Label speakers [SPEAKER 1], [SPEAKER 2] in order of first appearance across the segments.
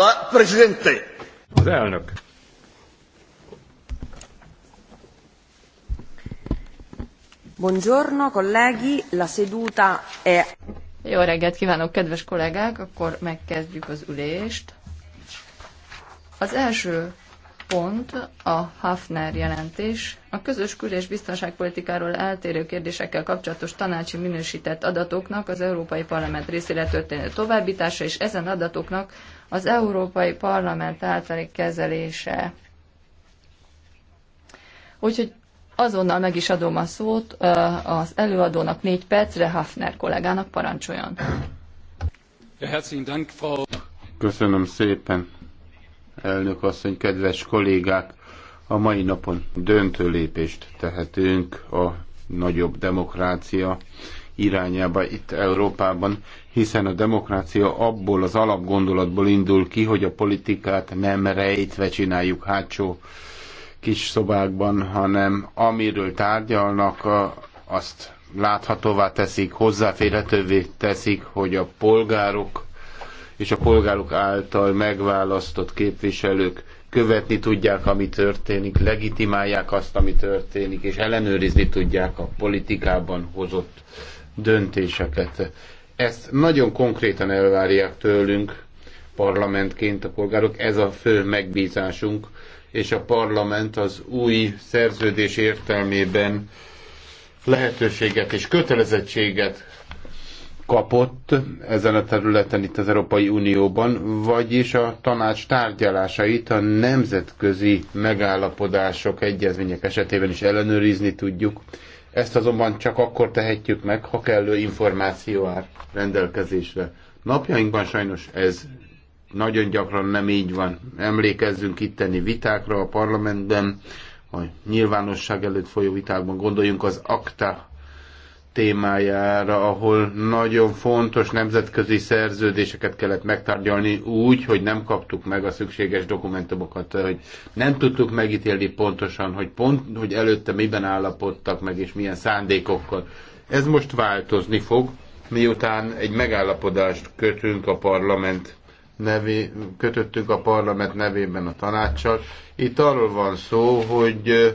[SPEAKER 1] La Presidente. Az elnök.
[SPEAKER 2] Buongiorno, colleghi, la seduta è... Jó reggelt kívánok, kedves kollégák, akkor megkezdjük az ülést. Az első pont a Hafner jelentés. A közös kül- és biztonságpolitikáról eltérő kérdésekkel kapcsolatos tanácsi minősített adatoknak az Európai Parlament részére történő továbbítása és ezen adatoknak az Európai Parlament általi kezelése. Úgyhogy azonnal meg is adom a szót az előadónak négy percre, Hafner kollégának parancsoljon.
[SPEAKER 3] Köszönöm szépen, elnök asszony, kedves kollégák! A mai napon döntő lépést tehetünk a nagyobb demokrácia irányába itt Európában, hiszen a demokrácia abból az alapgondolatból indul ki, hogy a politikát nem rejtve csináljuk hátsó kis szobákban, hanem amiről tárgyalnak, azt láthatóvá teszik, hozzáférhetővé teszik, hogy a polgárok és a polgárok által megválasztott képviselők követni tudják, ami történik, legitimálják azt, ami történik, és ellenőrizni tudják a politikában hozott döntéseket. Ezt nagyon konkrétan elvárják tőlünk parlamentként a polgárok, ez a fő megbízásunk, és a parlament az új szerződés értelmében lehetőséget és kötelezettséget kapott ezen a területen itt az Európai Unióban, vagyis a tanács tárgyalásait a nemzetközi megállapodások, egyezmények esetében is ellenőrizni tudjuk, ezt azonban csak akkor tehetjük meg, ha kellő információ áll rendelkezésre. Napjainkban sajnos ez nagyon gyakran nem így van. Emlékezzünk itteni vitákra a parlamentben, a nyilvánosság előtt folyó vitákban, gondoljunk az akta témájára, ahol nagyon fontos nemzetközi szerződéseket kellett megtárgyalni úgy, hogy nem kaptuk meg a szükséges dokumentumokat, hogy nem tudtuk megítélni pontosan, hogy pont, hogy előtte miben állapodtak meg, és milyen szándékokkal. Ez most változni fog, miután egy megállapodást kötünk a parlament nevé, kötöttünk a parlament nevében a tanácssal. Itt arról van szó, hogy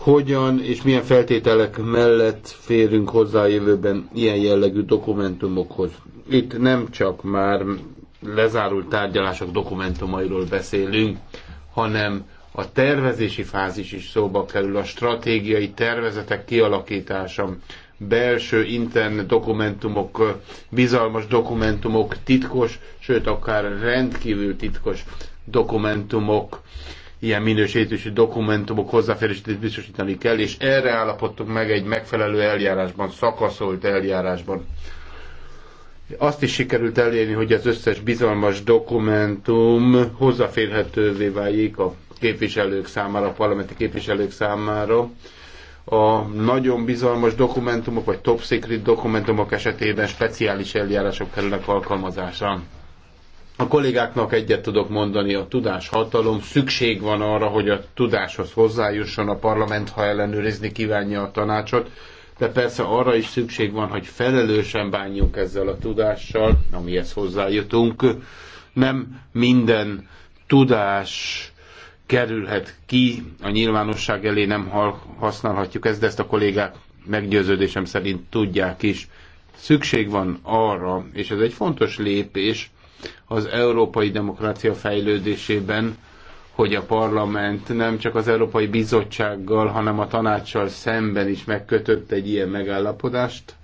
[SPEAKER 3] hogyan és milyen feltételek mellett férünk hozzá a jövőben ilyen jellegű dokumentumokhoz. Itt nem csak már lezárult tárgyalások dokumentumairól beszélünk, hanem a tervezési fázis is szóba kerül, a stratégiai tervezetek kialakítása, belső intern dokumentumok, bizalmas dokumentumok, titkos, sőt akár rendkívül titkos dokumentumok ilyen minősítési dokumentumok hozzáférését biztosítani kell, és erre állapodtuk meg egy megfelelő eljárásban, szakaszolt eljárásban. Azt is sikerült elérni, hogy az összes bizalmas dokumentum hozzáférhetővé váljék a képviselők számára, a parlamenti képviselők számára a nagyon bizalmas dokumentumok, vagy top secret dokumentumok esetében speciális eljárások kerülnek alkalmazásra. A kollégáknak egyet tudok mondani, a tudás hatalom szükség van arra, hogy a tudáshoz hozzájusson a parlament, ha ellenőrizni kívánja a tanácsot, de persze arra is szükség van, hogy felelősen bánjunk ezzel a tudással, amihez hozzájutunk. Nem minden tudás kerülhet ki, a nyilvánosság elé nem használhatjuk ezt, de ezt a kollégák meggyőződésem szerint tudják is. Szükség van arra, és ez egy fontos lépés, az európai demokrácia fejlődésében, hogy a parlament nem csak az Európai Bizottsággal, hanem a tanácssal szemben is megkötött egy ilyen megállapodást,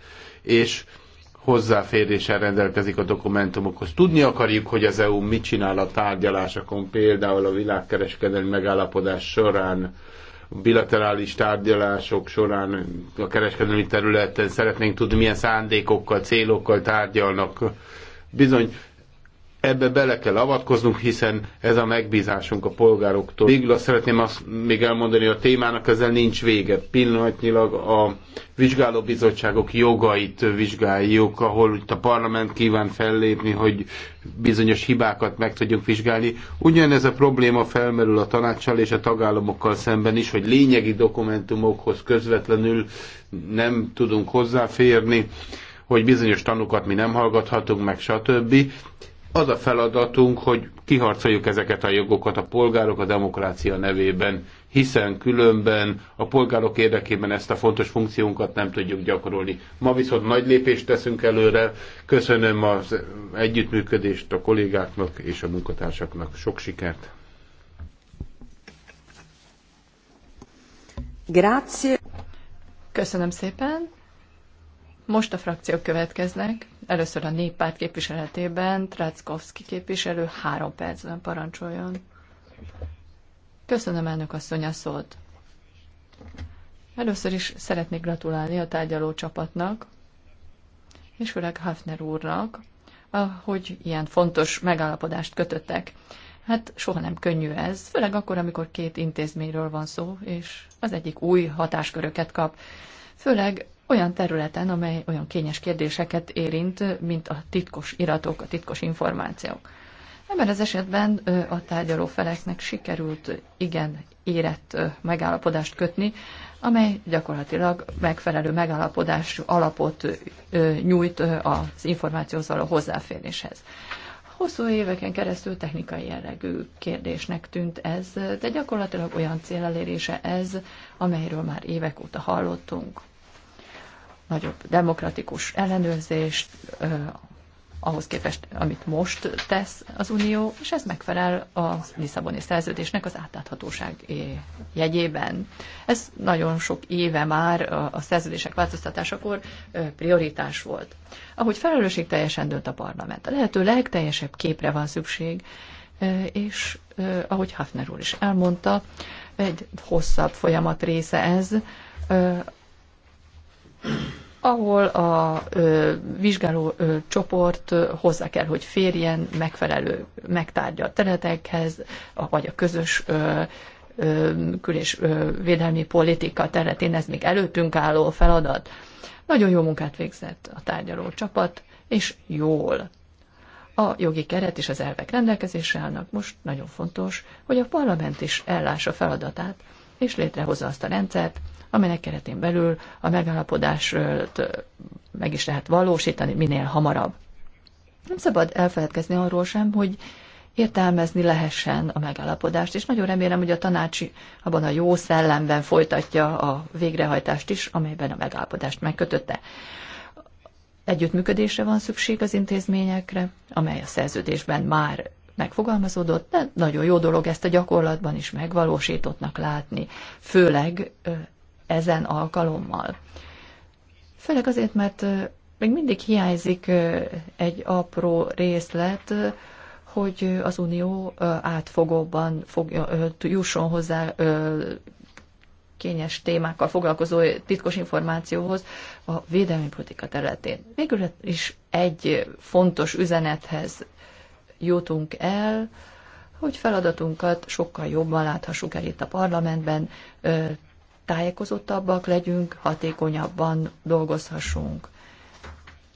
[SPEAKER 3] és hozzáféréssel rendelkezik a dokumentumokhoz. Tudni akarjuk, hogy az EU mit csinál a tárgyalásokon, például a világkereskedelmi megállapodás során, bilaterális tárgyalások során a kereskedelmi területen szeretnénk tudni, milyen szándékokkal, célokkal tárgyalnak. Bizony ebbe bele kell avatkoznunk, hiszen ez a megbízásunk a polgároktól. Végül azt szeretném azt még elmondani, hogy a témának ezzel nincs vége. Pillanatnyilag a vizsgálóbizottságok jogait vizsgáljuk, ahol itt a parlament kíván fellépni, hogy bizonyos hibákat meg tudjunk vizsgálni. Ugyanez a probléma felmerül a tanácssal és a tagállamokkal szemben is, hogy lényegi dokumentumokhoz közvetlenül nem tudunk hozzáférni hogy bizonyos tanukat mi nem hallgathatunk meg, stb. Az a feladatunk, hogy kiharcoljuk ezeket a jogokat a polgárok a demokrácia nevében, hiszen különben a polgárok érdekében ezt a fontos funkciónkat nem tudjuk gyakorolni. Ma viszont nagy lépést teszünk előre. Köszönöm az együttműködést a kollégáknak és a munkatársaknak. Sok sikert!
[SPEAKER 2] Grazie. Köszönöm szépen. Most a frakciók következnek. Először a néppárt képviseletében Trackovszki képviselő három percben parancsoljon. Köszönöm elnök asszony a szót. Először is szeretnék gratulálni a tárgyaló csapatnak, és főleg Hafner úrnak, hogy ilyen fontos megállapodást kötöttek. Hát soha nem könnyű ez, főleg akkor, amikor két intézményről van szó, és az egyik új hatásköröket kap. Főleg olyan területen, amely olyan kényes kérdéseket érint, mint a titkos iratok, a titkos információk. Ebben az esetben a tárgyaló feleknek sikerült igen érett megállapodást kötni, amely gyakorlatilag megfelelő megállapodás alapot nyújt az információhoz való hozzáféréshez. Hosszú éveken keresztül technikai jellegű kérdésnek tűnt ez, de gyakorlatilag olyan célelérése ez, amelyről már évek óta hallottunk nagyobb demokratikus ellenőrzést, ahhoz képest, amit most tesz az Unió, és ez megfelel a Lisszaboni szerződésnek az átláthatóság jegyében. Ez nagyon sok éve már a szerződések változtatásakor prioritás volt. Ahogy felelősség teljesen dönt a parlament, a lehető legteljesebb képre van szükség, és ahogy Hafner úr is elmondta, egy hosszabb folyamat része ez, ahol a ö, vizsgáló ö, csoport ö, hozzá kell, hogy férjen megfelelő megtárgyalt területekhez, vagy a közös ö, ö, kül- és ö, védelmi politika területén, ez még előttünk álló feladat. Nagyon jó munkát végzett a tárgyaló csapat, és jól. A jogi keret és az elvek rendelkezésre állnak most, nagyon fontos, hogy a parlament is ellássa feladatát, és létrehozza azt a rendszert, amelynek keretén belül a megállapodást meg is lehet valósítani minél hamarabb. Nem szabad elfeledkezni arról sem, hogy értelmezni lehessen a megállapodást, és nagyon remélem, hogy a tanács abban a jó szellemben folytatja a végrehajtást is, amelyben a megállapodást megkötötte. Együttműködésre van szükség az intézményekre, amely a szerződésben már megfogalmazódott, de nagyon jó dolog ezt a gyakorlatban is megvalósítottnak látni, főleg ezen alkalommal. Főleg azért, mert még mindig hiányzik egy apró részlet, hogy az Unió átfogóban fogja, jusson hozzá kényes témákkal foglalkozó titkos információhoz a védelmi politika területén. Végül is egy fontos üzenethez jutunk el, hogy feladatunkat sokkal jobban láthassuk el itt a parlamentben, tájékozottabbak legyünk, hatékonyabban dolgozhassunk,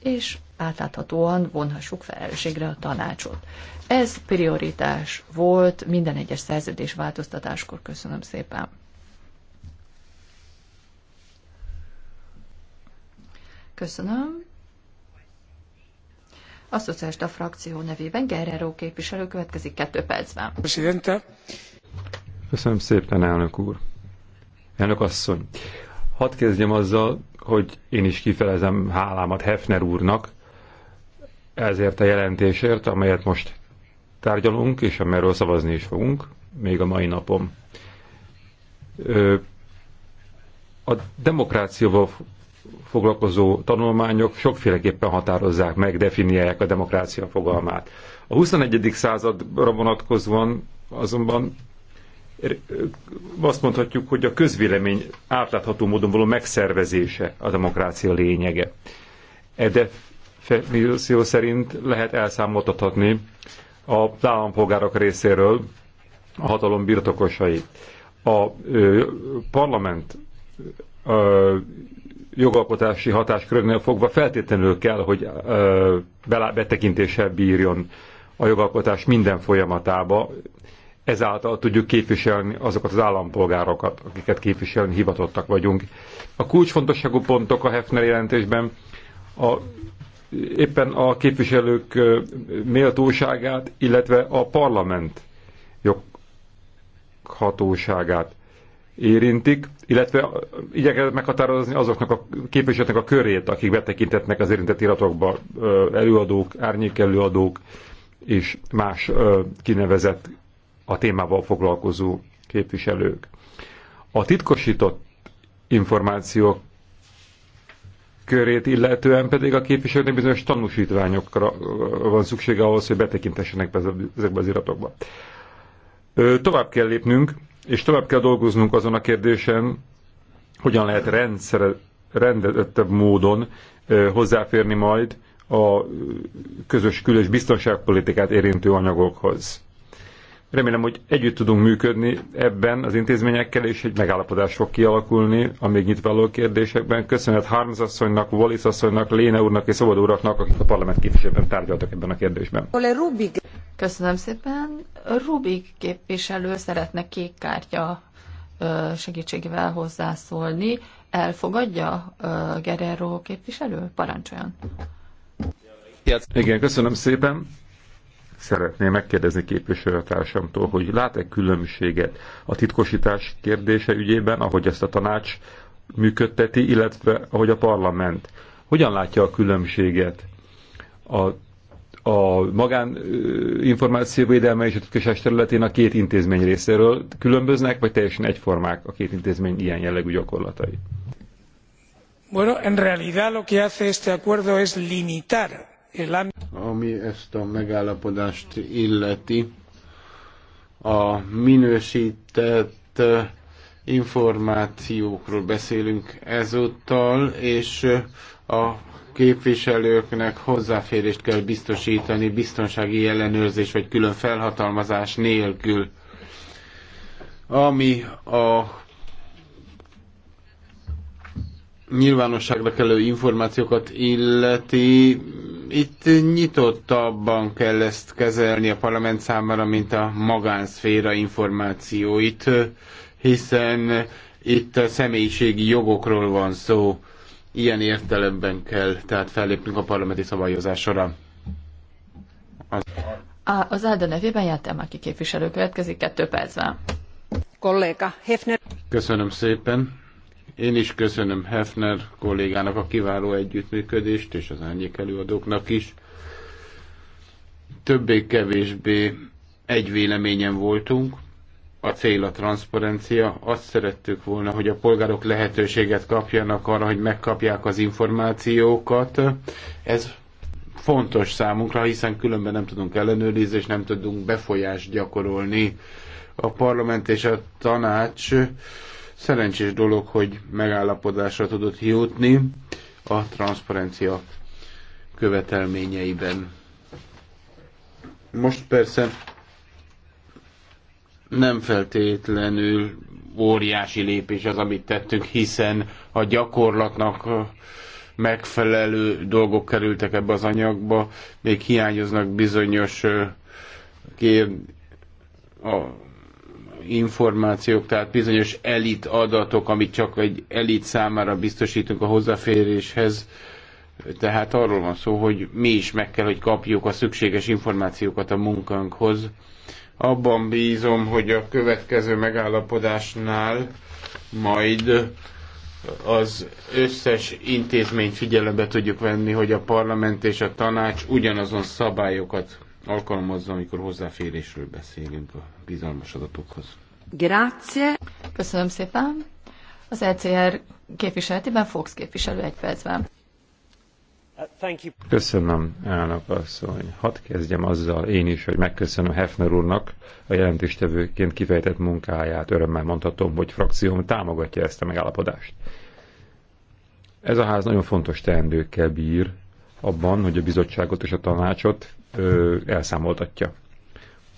[SPEAKER 2] és átláthatóan vonhassuk felelősségre a tanácsot. Ez prioritás volt minden egyes szerződés változtatáskor. Köszönöm szépen. Köszönöm. A szocialista frakció nevében Guerrero képviselő következik kettő percben. Presidente.
[SPEAKER 1] Köszönöm szépen, elnök úr. Elnök asszony. Hadd kezdjem azzal, hogy én is kifelezem hálámat Hefner úrnak ezért a jelentésért, amelyet most tárgyalunk, és amelyről szavazni is fogunk, még a mai napon. A demokrációval foglalkozó tanulmányok sokféleképpen határozzák meg, definiálják a demokrácia fogalmát. A 21. századra vonatkozóan azonban er, azt mondhatjuk, hogy a közvélemény átlátható módon való megszervezése a demokrácia lényege. E definíció szerint lehet elszámoltathatni a állampolgárok részéről a hatalom birtokosait. A ö, parlament ö, jogalkotási hatáskörnél fogva feltétlenül kell, hogy betekintéssel bírjon a jogalkotás minden folyamatába, ezáltal tudjuk képviselni azokat az állampolgárokat, akiket képviselni hivatottak vagyunk. A kulcsfontosságú pontok a Hefner jelentésben a, éppen a képviselők méltóságát, illetve a parlament joghatóságát érintik, illetve igyekezett meghatározni azoknak a képviselőknek a körét, akik betekintetnek az érintett iratokba, előadók, árnyék előadók és más kinevezett a témával foglalkozó képviselők. A titkosított információk körét illetően pedig a képviselőknek bizonyos tanúsítványokra van szüksége ahhoz, hogy betekintessenek ezekbe az iratokba. Tovább kell lépnünk, és tovább kell dolgoznunk azon a kérdésen, hogyan lehet rendszer, rendettebb módon hozzáférni majd a közös külös biztonságpolitikát érintő anyagokhoz. Remélem, hogy együtt tudunk működni ebben az intézményekkel, és egy megállapodás fog kialakulni a még nyitváló kérdésekben. Köszönet Harms asszonynak, Wallis asszonynak, Léne úrnak és Szabad úraknak, akik a parlament képviselőben tárgyaltak ebben a kérdésben.
[SPEAKER 2] Köszönöm szépen. Rubik képviselő szeretne kék kártya segítségével hozzászólni. Elfogadja Gerero képviselő? Parancsoljon.
[SPEAKER 1] Igen, köszönöm szépen Szeretném megkérdezni képviselőtársamtól, hogy lát-e különbséget a titkosítás kérdése ügyében, ahogy ezt a tanács működteti, illetve ahogy a parlament. Hogyan látja a különbséget a, a magáninformáció információvédelme és a titkosás területén a két intézmény részéről? Különböznek, vagy teljesen egyformák a két intézmény ilyen jellegű gyakorlatai? Bueno, en realidad lo que hace este acuerdo es limitar
[SPEAKER 3] ami ezt a megállapodást illeti, a minősített információkról beszélünk ezúttal, és a képviselőknek hozzáférést kell biztosítani biztonsági ellenőrzés vagy külön felhatalmazás nélkül. Ami a nyilvánosságra kellő információkat illeti, itt nyitottabban kell ezt kezelni a parlament számára, mint a magánszféra információit, hiszen itt a személyiségi jogokról van szó. Ilyen értelemben kell tehát fellépnünk a parlamenti szabályozás során. Az,
[SPEAKER 2] az Alda nevében jártam, aki képviselő következik kettő percben. Kolléga Hefner.
[SPEAKER 3] Köszönöm szépen. Én is köszönöm Hefner kollégának a kiváló együttműködést, és az árnyék előadóknak is. Többé-kevésbé egy véleményen voltunk, a cél a transzparencia, azt szerettük volna, hogy a polgárok lehetőséget kapjanak arra, hogy megkapják az információkat. Ez fontos számunkra, hiszen különben nem tudunk ellenőrizni, és nem tudunk befolyást gyakorolni. A parlament és a tanács Szerencsés dolog, hogy megállapodásra tudott jutni a transzparencia követelményeiben. Most persze nem feltétlenül óriási lépés az, amit tettünk, hiszen a gyakorlatnak megfelelő dolgok kerültek ebbe az anyagba, még hiányoznak bizonyos kér, a információk, tehát bizonyos elit adatok, amit csak egy elit számára biztosítunk a hozzáféréshez. Tehát arról van szó, hogy mi is meg kell, hogy kapjuk a szükséges információkat a munkánkhoz. Abban bízom, hogy a következő megállapodásnál majd az összes intézményt figyelembe tudjuk venni, hogy a parlament és a tanács ugyanazon szabályokat alkalmazza, amikor hozzáférésről beszélünk a bizalmas adatokhoz.
[SPEAKER 2] Grazie. Köszönöm szépen. Az ECR képviseletében Fox képviselő egy percben.
[SPEAKER 1] Köszönöm, elnök asszony. Hadd kezdjem azzal én is, hogy megköszönöm Hefner úrnak a jelentéstevőként kifejtett munkáját. Örömmel mondhatom, hogy frakcióm támogatja ezt a megállapodást. Ez a ház nagyon fontos teendőkkel bír, abban, hogy a bizottságot és a tanácsot ö, elszámoltatja.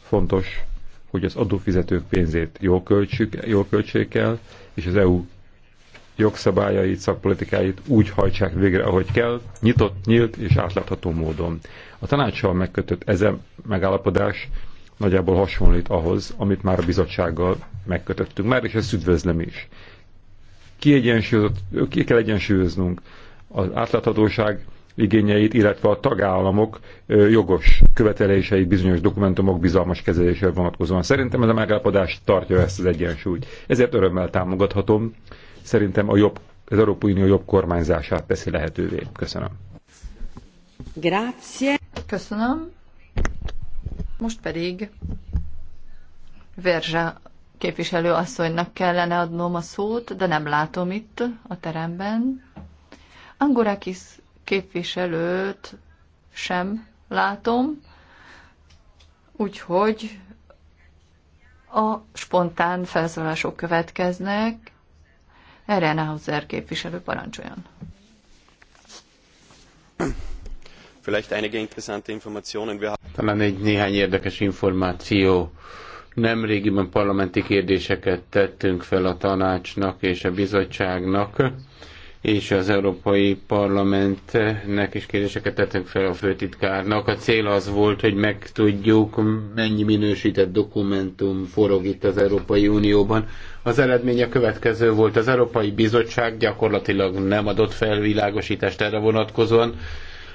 [SPEAKER 1] Fontos, hogy az adófizetők pénzét jól, költsük, jól költsék el, és az EU jogszabályait, szakpolitikáit úgy hajtsák végre, ahogy kell, nyitott, nyílt és átlátható módon. A tanácssal megkötött ezen megállapodás nagyjából hasonlít ahhoz, amit már a bizottsággal megkötöttünk már, és ezt üdvözlöm is. Ki, ki kell egyensúlyoznunk az átláthatóság igényeit, illetve a tagállamok jogos követeléseit bizonyos dokumentumok bizalmas kezelésére vonatkozóan. Szerintem ez a megállapodás tartja ezt az egyensúlyt. Ezért örömmel támogathatom. Szerintem a jobb, az Európai Unió jobb kormányzását teszi lehetővé. Köszönöm.
[SPEAKER 2] Grazie. Köszönöm. Most pedig Verzsa képviselő asszonynak kellene adnom a szót, de nem látom itt a teremben. Angorakis képviselőt sem látom, úgyhogy a spontán felszólások következnek. Erre Hauser képviselő parancsoljon. Vielleicht einige interessante Informationen.
[SPEAKER 3] Talán egy néhány érdekes információ. Nemrégiben parlamenti kérdéseket tettünk fel a tanácsnak és a bizottságnak és az Európai Parlamentnek is kérdéseket tettünk fel a főtitkárnak. A cél az volt, hogy megtudjuk, mennyi minősített dokumentum forog itt az Európai Unióban. Az eredménye következő volt. Az Európai Bizottság gyakorlatilag nem adott felvilágosítást erre vonatkozóan,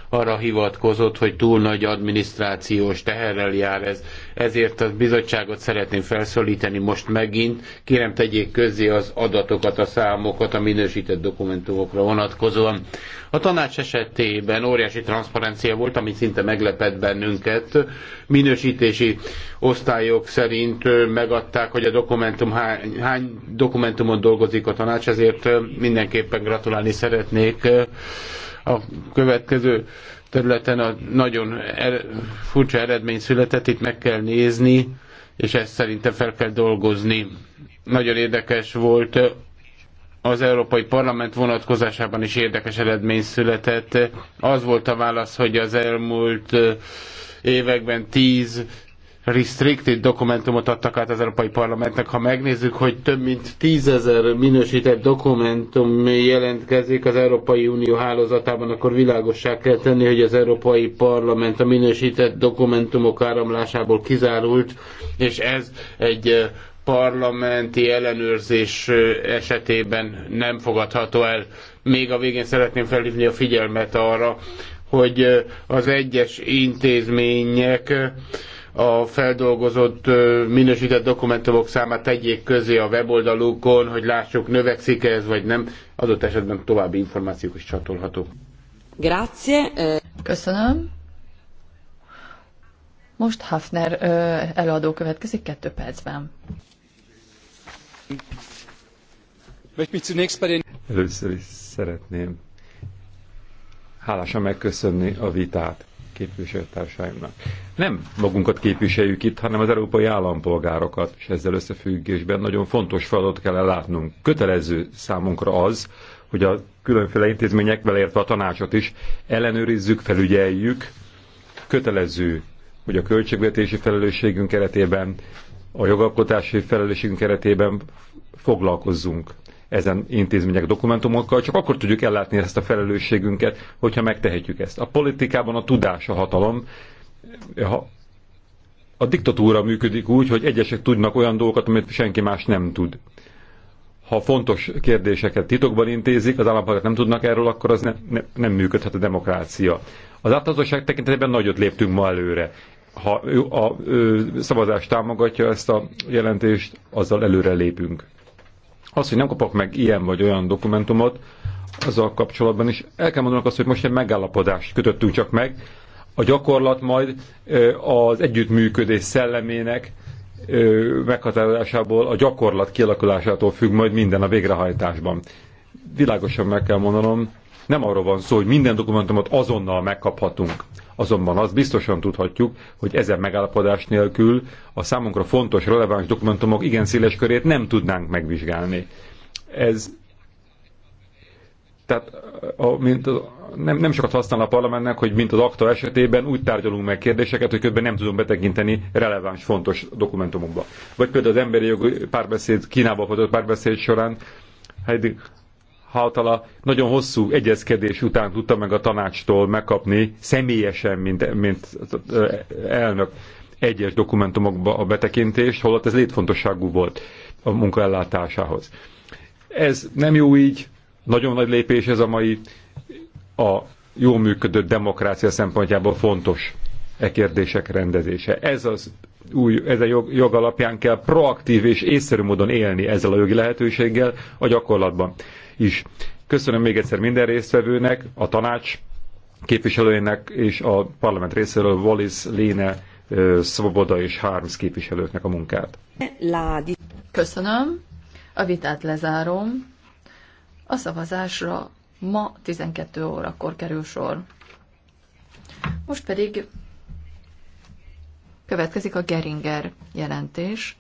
[SPEAKER 3] arra hivatkozott, hogy túl nagy adminisztrációs teherrel jár ez. Ezért a bizottságot szeretném felszólítani most megint. Kérem tegyék közzé az adatokat, a számokat a minősített dokumentumokra vonatkozóan. A tanács esetében óriási transzparencia volt, ami szinte meglepett bennünket. Minősítési osztályok szerint megadták, hogy a dokumentum hány, hány dokumentumon dolgozik a tanács, ezért mindenképpen gratulálni szeretnék a következő területen a nagyon er, furcsa eredmény született, itt meg kell nézni, és ezt szerintem fel kell dolgozni. Nagyon érdekes volt az Európai Parlament vonatkozásában is érdekes eredmény született. Az volt a válasz, hogy az elmúlt években tíz restricted dokumentumot adtak át az Európai Parlamentnek. Ha megnézzük, hogy több mint tízezer minősített dokumentum jelentkezik az Európai Unió hálózatában, akkor világossá kell tenni, hogy az Európai Parlament a minősített dokumentumok áramlásából kizárult, és ez egy eh, parlamenti ellenőrzés eh, esetében nem fogadható el. Még a végén szeretném felhívni a figyelmet arra, hogy eh, az egyes intézmények a feldolgozott minősített dokumentumok számát tegyék közé a weboldalukon, hogy lássuk, növekszik -e ez vagy nem. Adott esetben további információk is csatolhatók.
[SPEAKER 2] Grazie. Köszönöm. Most Hafner előadó következik kettő percben.
[SPEAKER 1] Először is szeretném hálásan megköszönni a vitát képviselőtársaimnak. Nem magunkat képviseljük itt, hanem az európai állampolgárokat, és ezzel összefüggésben nagyon fontos feladatot kell látnunk. Kötelező számunkra az, hogy a különféle intézmények, beleértve a tanácsot is, ellenőrizzük, felügyeljük, kötelező, hogy a költségvetési felelősségünk keretében, a jogalkotási felelősségünk keretében foglalkozzunk ezen intézmények dokumentumokkal, csak akkor tudjuk ellátni ezt a felelősségünket, hogyha megtehetjük ezt. A politikában a tudás a hatalom. Ha a diktatúra működik úgy, hogy egyesek tudnak olyan dolgokat, amit senki más nem tud. Ha fontos kérdéseket titokban intézik, az állampolgárok nem tudnak erről, akkor az ne, ne, nem működhet a demokrácia. Az átlagosság tekintetében nagyot léptünk ma előre. Ha a, a, a szavazás támogatja ezt a jelentést, azzal előre lépünk az, hogy nem kapok meg ilyen vagy olyan dokumentumot, azzal kapcsolatban is el kell mondanunk azt, hogy most egy megállapodást kötöttünk csak meg. A gyakorlat majd az együttműködés szellemének meghatározásából, a gyakorlat kialakulásától függ majd minden a végrehajtásban. Világosan meg kell mondanom, nem arról van szó, hogy minden dokumentumot azonnal megkaphatunk. Azonban azt biztosan tudhatjuk, hogy ezen megállapodás nélkül a számunkra fontos, releváns dokumentumok igen széles körét nem tudnánk megvizsgálni. Ez tehát a, mint a, nem, nem sokat használ a parlamentnek, hogy mint az akta esetében úgy tárgyalunk meg kérdéseket, hogy közben nem tudunk betekinteni releváns, fontos dokumentumokba. Vagy például az emberi jogi párbeszéd, kínába folytatott párbeszéd során Heidi Hautala nagyon hosszú egyezkedés után tudta meg a tanácstól megkapni személyesen, mint, mint elnök egyes dokumentumokba a betekintést, holott ez létfontosságú volt a munka ellátásához. Ez nem jó így, nagyon nagy lépés ez a mai a jó működő demokrácia szempontjából fontos e kérdések rendezése. Ez az új, ez a jog, jog alapján kell proaktív és észszerű módon élni ezzel a jogi lehetőséggel a gyakorlatban is. Köszönöm még egyszer minden résztvevőnek, a tanács képviselőjének és a parlament részéről Wallis, Léne, Svoboda és Harms képviselőknek a munkát.
[SPEAKER 2] Ládi. Köszönöm. A vitát lezárom. A szavazásra ma 12 órakor kerül sor. Most pedig következik a Geringer jelentés.